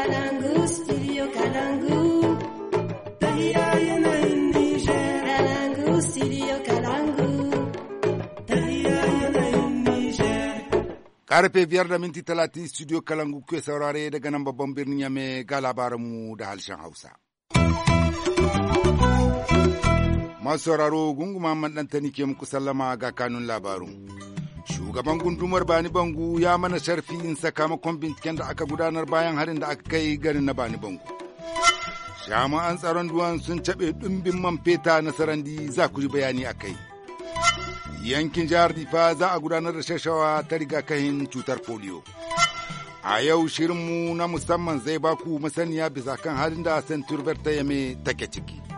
Kalangu, studio Karfe biyar da minti talatin studio Kalangu ke saurare daga nan babban birnin mai ga mu da harshen Hausa. Masu sauraro gunguma maɗanta ke muku sallama ga kanun labarun. shugaban gundumar bani bangu ya mana sharfi in sakamakon binciken da aka gudanar bayan harin da aka kai garin na bani bangu jami'an tsaron duwan sun caɓe ɗumbin man feta na sarandi za ku ji bayani a kai yankin jihar difa za a gudanar da shashawa ta rigakafin cutar polio a yau shirinmu na musamman zai baku masaniya bisa kan halin da centurver ta yame take ciki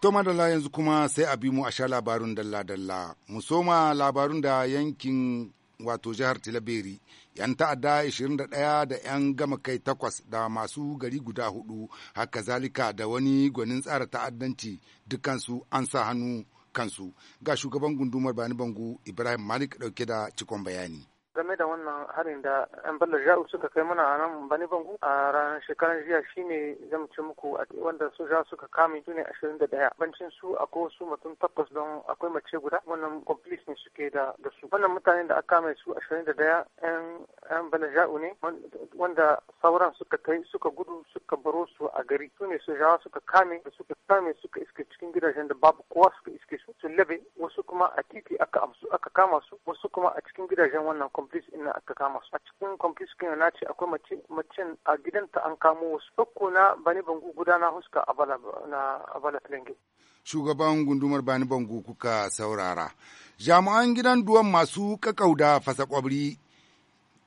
To madalla yanzu kuma sai a bi mu a sha labarun dalla-dalla. Mu soma labarun da yankin wato jihar Tilaberi. 'Yan ta'adda 21 da 'yan gama kai takwas da masu gari guda hudu haka zalika da wani gwanin tsara ta'addanci dukansu an sa hannu kansu. Ga shugaban gundumar Bani Bangu Ibrahim Malik dauke da cikon bayani. game da wannan harin da yan ballar ja'u suka kai mana a nan bani bangu a ranar shekaran jiya shine zan ce muku wanda soja suka kame juna ashirin da daya bancin su akwai wasu mutum takwas don akwai mace guda wannan complice ne suke da da su wannan mutanen da aka kame su ashirin da daya yan yan ballar ja'u ne wanda sauran suka kai suka gudu suka baro su a gari su ne sojawa suka kame da suka kame suka iske cikin gidajen da babu kowa suka iske su sun labe wasu kuma a titi aka amsu aka kama su wasu kuma a cikin gidajen wannan complice complice na aka kama su a cikin complice kin na ce akwai mace macen a gidanta an kamo wasu fakko na bani bangu guda na huska a bala na a filange shugaban gundumar bani bangu kuka saurara jami'an gidan duwan masu kakauda fasa kwabri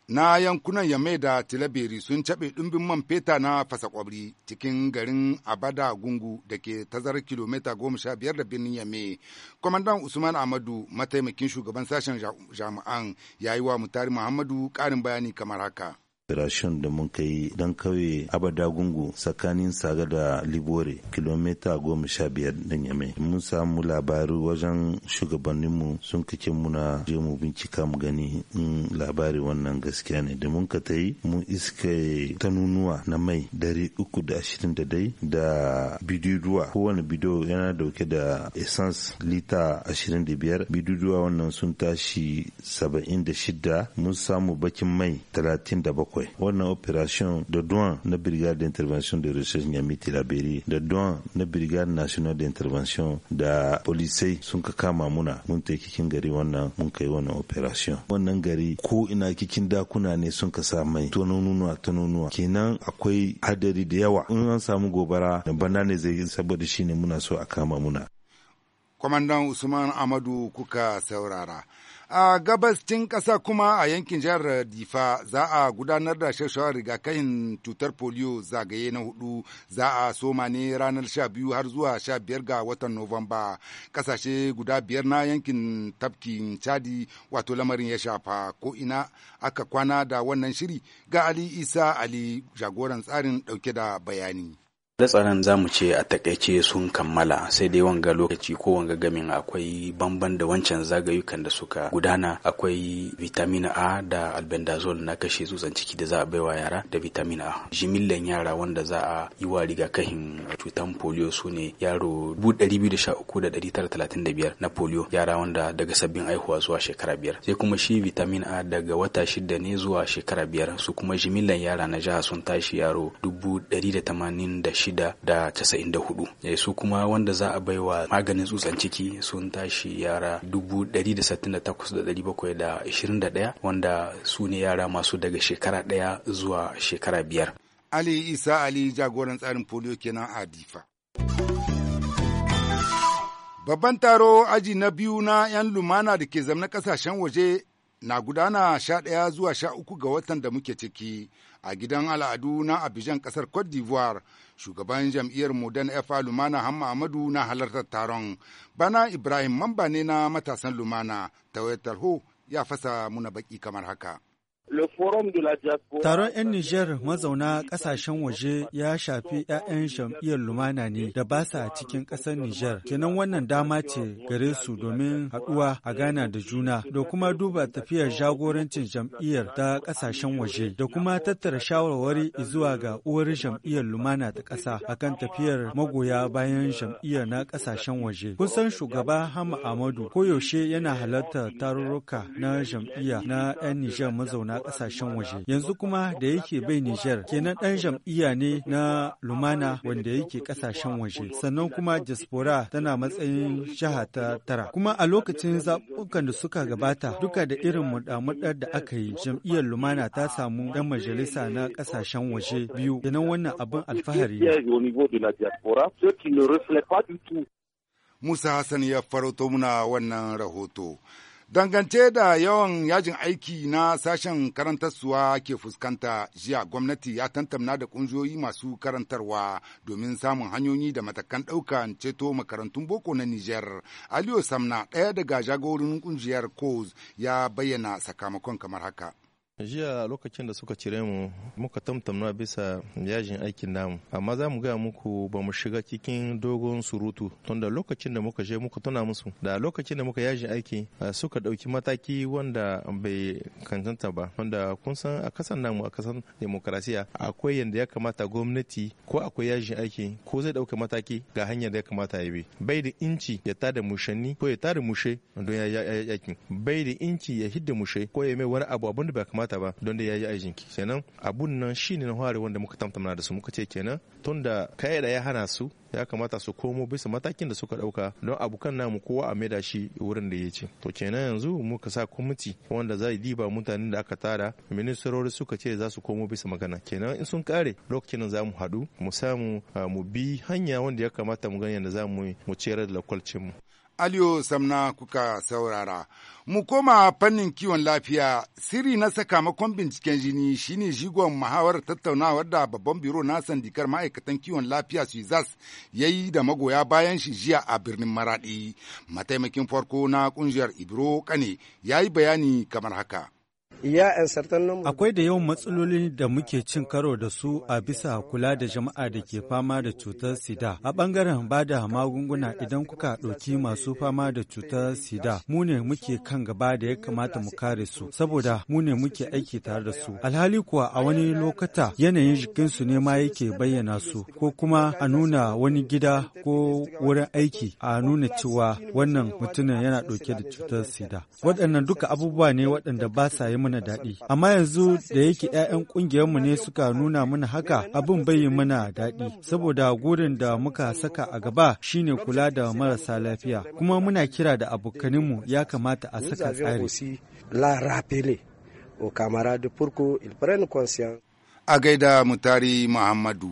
na yankunan Yame da Tilaberi sun caɓe ɗumbin man feta na fasa kwabri cikin garin Abada Gungu da ke tazarar kilomita goma sha biyar da birnin Yame. Kwamandan Usman Amadu mataimakin shugaban sashen jami'an ya yi wa Mutari Muhammadu ƙarin bayani kamar haka. operation da mun kai don kauye abada gungu tsakanin saga da libore kilomita goma sha biyar da yamai mun samu labari wajen shugabanninmu sun kake muna je mu bincika mu gani in labari wannan gaskiya ne da mun ka ta yi mun iske nunuwa na mai dari uku da ashirin da dai da bidiyoduwa kowane bidiyo yana dauke da essence lita ashirin da biyar bidiyoduwa wannan sun tashi saba'in da shida mun samu bakin mai talatin da bakwai wannan operation de doan na brigade d'intervention de recherche nyami tilaberi de doan na brigade national d'intervention da polisai sun ka kama muna mun kikin gari wannan mun kai wannan operation wannan gari ko ina kikin dakuna ne sun ka sa mai tononuwa tononuwa kenan akwai hadari da yawa in an samu gobara bana ne zai saboda shine muna so a kama muna kwamandan usman amadu kuka saurara a gabas cin ƙasa kuma a yankin jihar difa za a gudanar da shawarar rigakafin cutar polio zagaye na hudu za a soma ne ranar sha biyu har zuwa sha biyar ga watan novamba ƙasashe guda biyar na yankin tafkin chadi wato lamarin ya shafa ko ina aka kwana da wannan shiri ga ali isa ali jagoran tsarin ɗauke da bayani da tsaron za mu ce a takaice sun kammala sai dai wanga lokaci ko wanga gamin akwai bamban da wancan zagayukan da suka gudana akwai vitamin a da albendazole na kashe tsutsan ciki da za a baiwa yara da vitamin a jimillan yara wanda za a yi wa rigakafin cutan polio su ne yaro 213,935 na polio yara wanda daga sabbin aihuwa zuwa shekara biyar sai kuma shi vitamin a daga wata shida ne zuwa shekara biyar su kuma jimillan yara na jiha sun tashi yaro 186 shida eh, su kuma wanda za a baiwa maganin tsutsan ciki sun tashi yara dubu da sittin da wanda su ne yara masu daga shekara daya zuwa shekara biyar. Ali Isa Ali jagoran tsarin polio kenan a Difa. Babban taro aji na biyu na 'yan lumana da ke zamna kasashen waje na gudana sha ɗaya zuwa sha uku ga watan da muke ciki a gidan al'adu na abijan kasar Cote d'Ivoire. Shugaban jam'iyyar Modern Efa Lumana Hamma Amadu na halartar taron. Bana Ibrahim mamba ne na matasan Lumana ta wayar ya fasa muna baki kamar haka. Taron 'yan Nijar mazauna ƙasashen waje ya shafi 'ya'yan jam'iyyar lumana ne da ba sa cikin ƙasar Nijar. Kenan wannan dama ce gare su domin haɗuwa a gana da juna da kuma duba tafiyar jagorancin jam'iyyar ta ƙasashen waje da kuma tattara shawarwari zuwa ga uwar jam'iyyar lumana ta ƙasa akan tafiyar magoya bayan jam'iyyar na ƙasashen waje. Kusan shugaba Hama Amadu koyaushe yana halartar tarurruka na jam'iyya na 'yan Nijar mazauna na ƙasashen waje. Yanzu kuma da yake bai Nijar kenan dan jam'iyya ne na Lumana wanda yake ƙasashen waje. Sannan kuma diaspora tana matsayin jiha ta tara. Kuma a lokacin zaɓukan da suka gabata duka da irin mudamudar da aka yi jam'iyyar Lumana ta samu dan majalisa na ƙasashen waje biyu. Kenan wannan abin alfahari Musa Hassan ya farauto muna wannan rahoto. Dangance da yawan yajin aiki na sashen karantarsuwa ke fuskanta jiya gwamnati ya tantamna da ƙungiyoyi masu karantarwa domin samun hanyoyi da matakan ɗaukan ceto makarantun boko na Nijar. Aliyu Samna ɗaya daga jagorin ƙungiyar COS ya bayyana sakamakon kamar haka. jiya lokacin da suka cire mu muka tamtamna bisa yajin aikin namu amma za mu gaya muku ba mu shiga cikin dogon surutu tunda lokacin da muka je muka tuna musu da lokacin da muka yajin aiki suka ɗauki mataki wanda bai kankanta ba wanda kun san a kasan namu a kasan demokarasiya akwai yadda ya kamata gwamnati ko akwai yajin aiki ko zai ɗauka mataki ga hanyar da ya kamata ya bi bai da inci ya tada mushanni ko ya tada mushe don ya yakin bai da inci ya hidda mushe ko ya mai wani abu abin da bai kamata bukata ba don da yi aikin ki kenan abun nan ne na hware wanda muka tamtamna da su muka ce kenan tunda kai da ya hana su ya kamata su komo bisa matakin da suka dauka don abokan namu kowa a maida shi wurin da ya ce to kenan yanzu muka sa kwamiti wanda zai diba mutanen da aka tara ministerori suka ce za su komo bisa magana kenan in sun kare lokacin za mu haɗu mu samu ah, mu bi hanya wanda ya kamata mu gani yadda za mu mu ciyar da lakwalcin mu Aliyu Samna kuka saurara. Mu koma fannin kiwon lafiya, siri na sakamakon binciken jini shine jigon muhawar tattaunawar da babban biro na sandikar ma'aikatan kiwon lafiya Suizas ya yi da magoya bayan shi jiya a birnin maradi Mataimakin farko na ƙungiyar Ibro Kane ya yi bayani kamar haka. Akwai da yawan matsalolin da muke cin karo da su a bisa kula da jama'a da ke fama da cutar sida. A ɓangaren bada magunguna idan kuka ɗauki masu fama da cutar sida, mu ne muke kan gaba da ya kamata mu kare su, saboda mu ne muke aiki tare da su. Alhali kuwa a wani lokata yanayin jikinsu ne ma yake bayyana su, ko kuma a nuna wani gida ko wurin aiki a nuna cewa wannan mutumin yana ɗauke da cutar sida. Waɗannan duka abubuwa ne waɗanda ba sa yi mana mana daɗi. Amma yanzu da yake 'ya'yan mu ne suka nuna mana haka abin bai yi mana daɗi. Saboda gurin da muka saka a gaba shine kula da marasa lafiya. Kuma muna kira da abokaninmu ya kamata a saka tsari. A gaida mutari Muhammadu.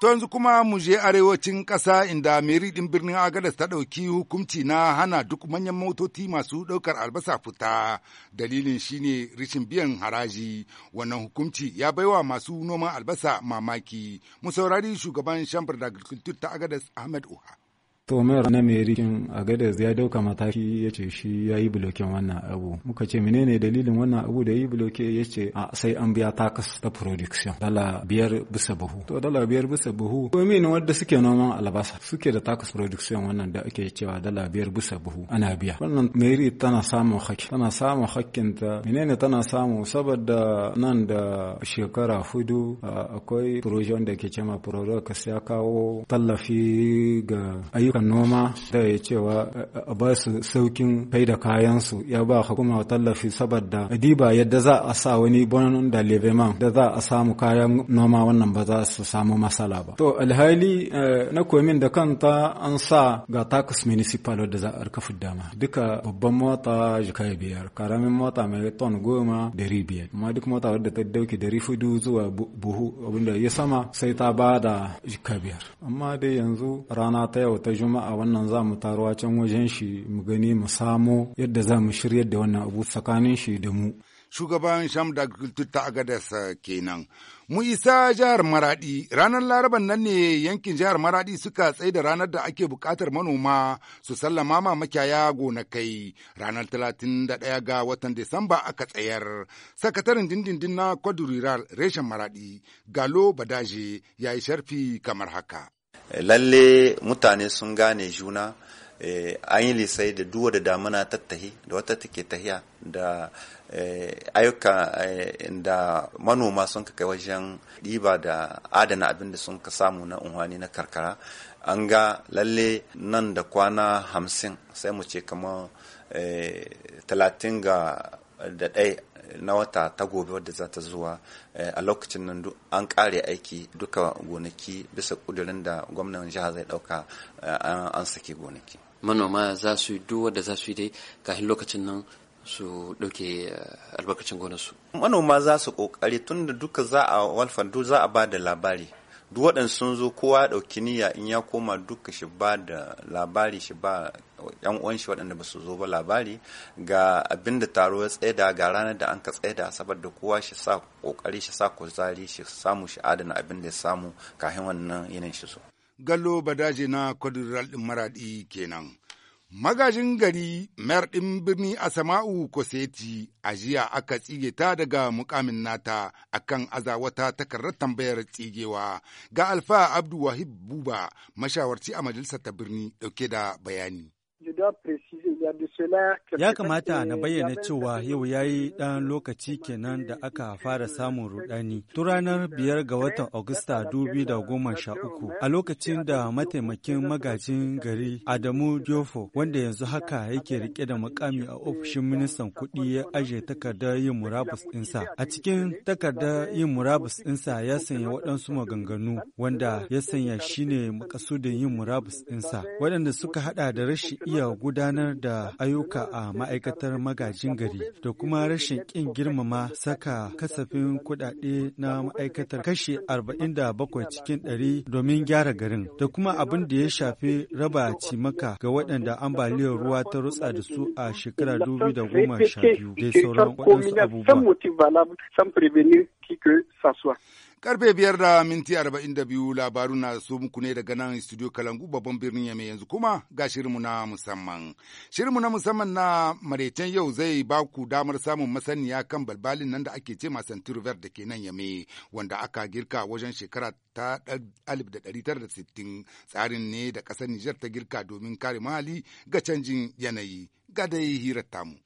To yanzu kuma mu je arewacin ƙasa inda meri ɗin birnin Agadas ta ɗauki hukumci na hana duk manyan motoci masu ɗaukar albasa fita. Dalilin shine rishin biyan haraji. Wannan hukumci ya baiwa masu noman albasa mamaki. Mu saurari shugaban Shambar da ta Agadas Ahmed Uha. to mayar na merikin a gadas ya dauka mataki ya ce shi ya yi bloken wannan abu muka ce menene dalilin wannan abu da yi bloke ya ce a sai an biya takas ta production dala biyar bisa buhu to dala biyar bisa buhu min wadda suke noman albasa suke da takas production wannan da ake cewa dala biyar bisa buhu ana biya wannan meri tana samun hakki tana samun hakkin ta menene tana samu saboda nan da shekara hudu akwai projection da ke cema proje ya kawo tallafi ga ayyuka harkar noma da ya cewa a ba su saukin kai da kayansu ya ba hukuma tallafi saboda adiba yadda za a sa wani bonon da leveman da za a samu kayan noma wannan ba za su samu masala ba. To alhali eh, na komin da kanta an sa ga takus municipal da za a dama duka babban mota jikai biyar karamin mota mai ton goma dari biyar amma duk mota wadda ta dauki dari fudu zuwa buhu abinda ya sama sai ta ba da jikai biyar amma dai yanzu rana ta yau ta juma juma'a wannan za mu taruwa can wajen shi mu gani mu samo yadda za mu shiryar da wannan abu tsakanin shi da mu shugaban sham da ta agadas eh, kenan mu isa jihar maradi ranar laraban nan ne yankin jihar maradi suka tsaye da ranar da ake bukatar manoma su sallama ma makiyaya gonakai ranar 31 ga watan disamba aka tsayar sakataren dindindin na kwadu reshen maradi galo badaje ya yi sharfi kamar haka lalle mutane sun gane juna eh, an yi lisai da duwa da damuna tattahi da wata take tahiya da eh, ayyuka eh, da manoma sun kai wajen ɗiba da adana abin da sun ka samu na unhwani na karkara an ga lalle nan da kwana hamsin sai mu ce kamar talatin ga da ɗaya na wata ta gobe wadda za ta zuwa eh, a lokacin nan an kare aiki duka gonaki bisa kudurin da gwamnan jihar zai dauka eh, an sake gonaki manoma za su yi duk wadda za su yi dai kafin lokacin nan su dauke eh, albarkacin gonarsu manoma za su ƙoƙari tun da duka za a duk za a ba da labari duk waɗansu sun zo kowa ɗauki niyya in ya koma duka shi ba da labari shi ba yan uwan shi waɗanda ba su zo ba labari ga abin da taro ya tsaida ga ranar da an ka tsaida saboda kowa shi sa kokari shi sa kuzari shi samu shi adana abin da ya samu kafin wannan yanayin shi so gallo badaje na kwadural din maradi kenan magajin gari mayar ɗin birni a sama'u koseti a jiya aka tsige ta daga mukamin nata akan azawata takarar tambayar tsigewa ga alfa abdu wahib buba mashawarci a majalisar ta birni ɗauke da bayani Ya kamata na bayyana cewa yau ya yi ɗan lokaci kenan da aka fara samun rudani. Tun ranar biyar ga watan Agusta uku, a lokacin da mataimakin magajin gari Adamu Jofo, wanda yanzu haka yake rike da mukami a ofishin ministan kuɗi ya aje takardar yin murabus ɗinsa. A cikin takardar yin murabus ɗinsa ya sanya waɗansu maganganu wanda ya sanya shine makasudin yin murabus ɗinsa waɗanda suka haɗa da rashin iya iya gudanar da ayyuka a ma'aikatar magajin gari da kuma rashin kin girmama saka kasafin kuɗaɗe na ma'aikatar kashi 47 cikin 100 domin gyara garin da kuma abin da ya shafi raba cimaka ga waɗanda ambaliyar ruwa ta rutsa da su a shekara 2012 dai sauran waɗansu abubuwa. Karfe biyar da minti arba'in da biyu labaru na so muku ne daga nan studio Kalangu babban birnin Yame yanzu kuma ga shirinmu na musamman. Shirinmu na musamman na maraicen yau zai ba ku damar samun masaniya kan balbalin nan da ake ce ma Santiruver da ke nan Yame wanda aka girka wajen shekara ta 1960 tsarin ne da ƙasar Nijar ta girka domin kare mahali ga canjin yanayi. Ga dai hirar tamu.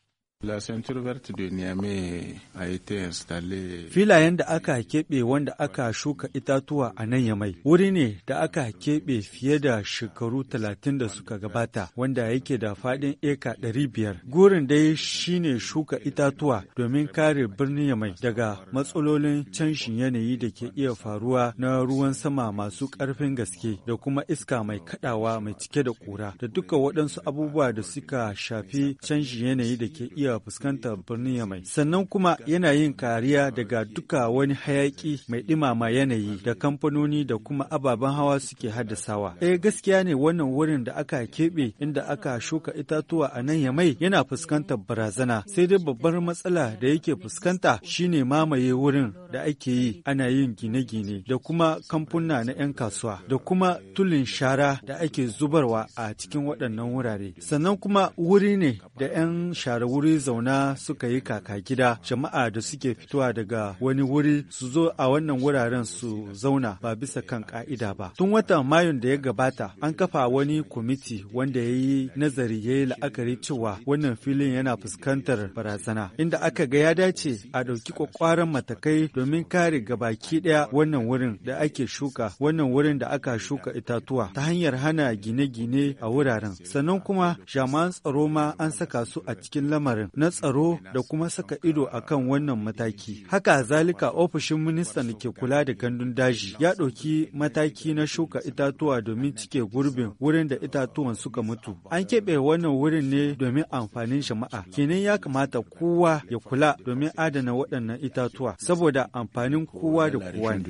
Filayen da aka keɓe wanda aka shuka itatuwa a nan Yamai wuri ne da aka keɓe fiye da shekaru talatin da suka gabata wanda yake da faɗin eka ɗari biyar. Gurin dai shine shuka itatuwa domin kare birnin Yamai daga matsalolin canshin yanayi da ke iya faruwa na ruwan sama masu ƙarfin gaske da kuma iska mai kaɗawa mai cike da ƙura da duka waɗansu abubuwa da suka shafi canshin yanayi da ke iya iya fuskantar birnin Yamai. Sannan kuma yana yin kariya daga duka wani hayaki mai ɗimama yanayi da kamfanoni da kuma ababen hawa suke haddasawa. Eh gaskiya ne wannan wurin da aka keɓe inda aka shuka itatuwa a nan Yamai yana fuskantar barazana. Sai dai babbar matsala da yake fuskanta shine mamaye wurin da ake yi ana yin gine-gine da kuma kamfuna na 'yan kasuwa da kuma tulin shara da ake zubarwa a cikin waɗannan wurare. Sannan kuma wuri ne da 'yan share wuri zauna suka yi kaka gida jama'a da suke fitowa daga wani wuri su zo a wannan wuraren su zauna ba bisa kan ka'ida ba tun watan mayun da ya gabata an kafa wani kwamiti wanda ya yi nazari ya yi la'akari cewa wannan filin yana fuskantar barazana inda aka ga ya dace a ɗauki kwakwaran matakai domin kare gabaki ɗaya wannan wurin da ake shuka wannan wurin da aka shuka itatuwa ta hanyar hana gine-gine a wuraren sannan kuma jama'an tsaro ma an saka su a cikin lamarin na tsaro da kuma saka ido a kan wannan mataki. Haka zalika ofishin ministan da ke kula da gandun daji ya ɗauki mataki na shuka itatuwa domin cike gurbin wurin da itatuwan suka mutu. An keɓe wannan wurin ne domin amfanin jama'a. Kenan ya kamata kowa ya kula domin adana waɗannan itatuwa saboda amfanin kowa da kowa ne.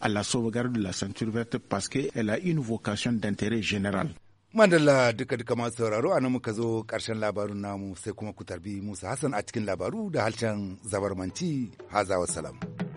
à la sauvegarde de la ceinture verte parce a une vocation d'intérêt général. Mandala duka duka masu sauraro a nan muka zo ƙarshen labarun namu sai kuma ku tarbi Musa Hassan a cikin labaru da harshen zabarmanci hazawa salam.